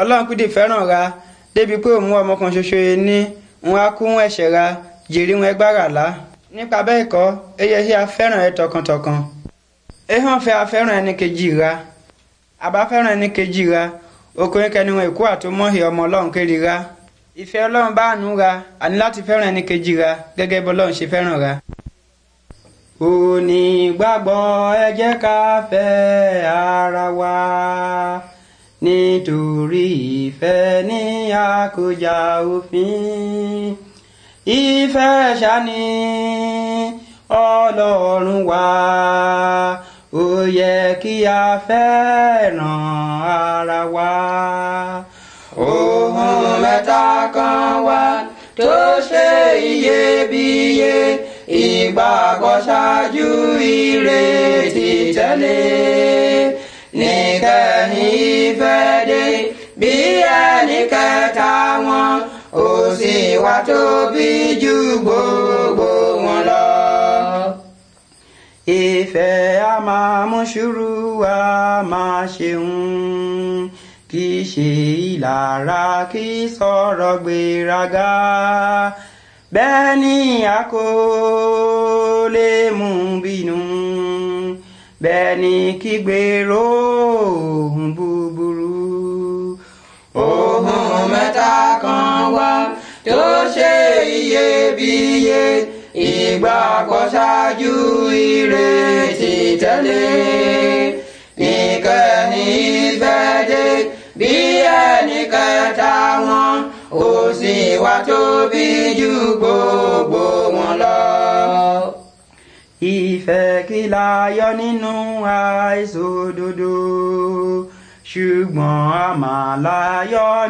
ọlọ́run kúdì fẹ́ràn ra débi pé òun ọmọ kan ṣoṣo yẹn ní wọn á kún ẹ̀ṣẹ̀ ra jèrè wọn ẹgbára lá nípa bẹ́ẹ̀ kọ́ eye ṣe afẹ́ràn ẹ tọkàntọkàn ehàn fẹ́ afẹ́ràn ẹni kejì ra àbáfẹ́ràn ẹni kejì ra okùnrin kẹni wọn èkó àtúmọ̀hì ọmọ ọlọ́run kéré ra ìfẹ́ ọlọ́run bá àánú ra àní láti fẹ́ràn ẹni kejì ra gẹ́gẹ́ bí ọlọ́run ṣe fẹ́ràn ra. òní gbàgbọ́ ẹ jẹ́ ká fẹ́ ara wa ìfẹ́ ní àkójà òfin ìfẹ́ ṣání ọlọ́run wa ó yẹ kí a fẹ́ràn ara wa. ohun mẹ́ta kan wà tó ṣe iyebíye ìgbàgbọ́ ṣáájú ìrètí tẹ́lẹ̀ ní. ẹnìkẹta wọn ó sì wá tóbi ju gbogbo wọn lọ. ìfẹ́ a máa mú sùúrù a máa ṣeun kì í ṣe ìlara kì í sọ̀rọ̀ gbéraga bẹ́ẹ̀ ni a kò lè mú bínú bẹ́ẹ̀ ni kígbe ròhùn búburú. iyebíye ìgbà kọsájú ìrètí tẹ́lẹ̀ ìkànnì ìfẹ́dẹ́ bí ẹnì kẹta wọn ó sì wá tóbi ju gbogbo wọn lọ. ìfẹ́ kí la yọ nínú àìṣòdodo ṣùgbọ́n a máa la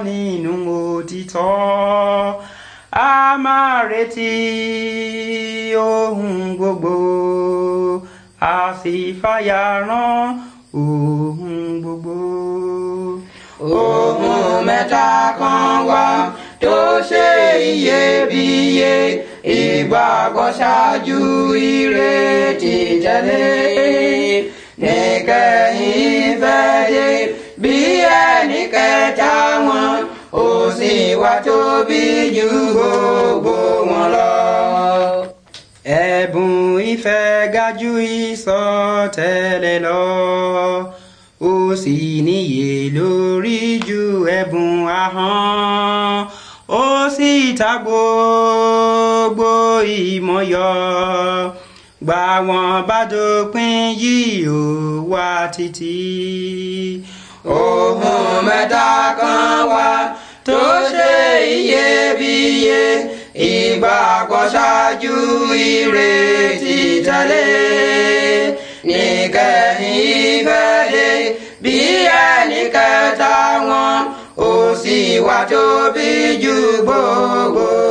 nínú òtítọ́ a máa retí ohun gbogbo a sì fàyà rán ohun gbogbo. ohun mẹ́ta kan wà tó ṣe iyebíye ìgbàgbọ́ ṣáájú ìrètí tẹ̀lé nìkẹyìn fẹ́ dé bí ẹnìkẹ́ tóbi jù gbogbo wọn lọ. ẹ̀bùn ìfẹ́ ga jù ìsọtẹ́lẹ̀ lọ ó sì níye lórí ju ẹ̀bùn ahọ́n ó sì ta gbogbo ìmọ̀ yọ gbà wọ́n bá dópin yìí ó wá títí. ohun mẹ́ta. ire titale nika ifade bia nika tawon ó sì wà tóbi jù gbogbo.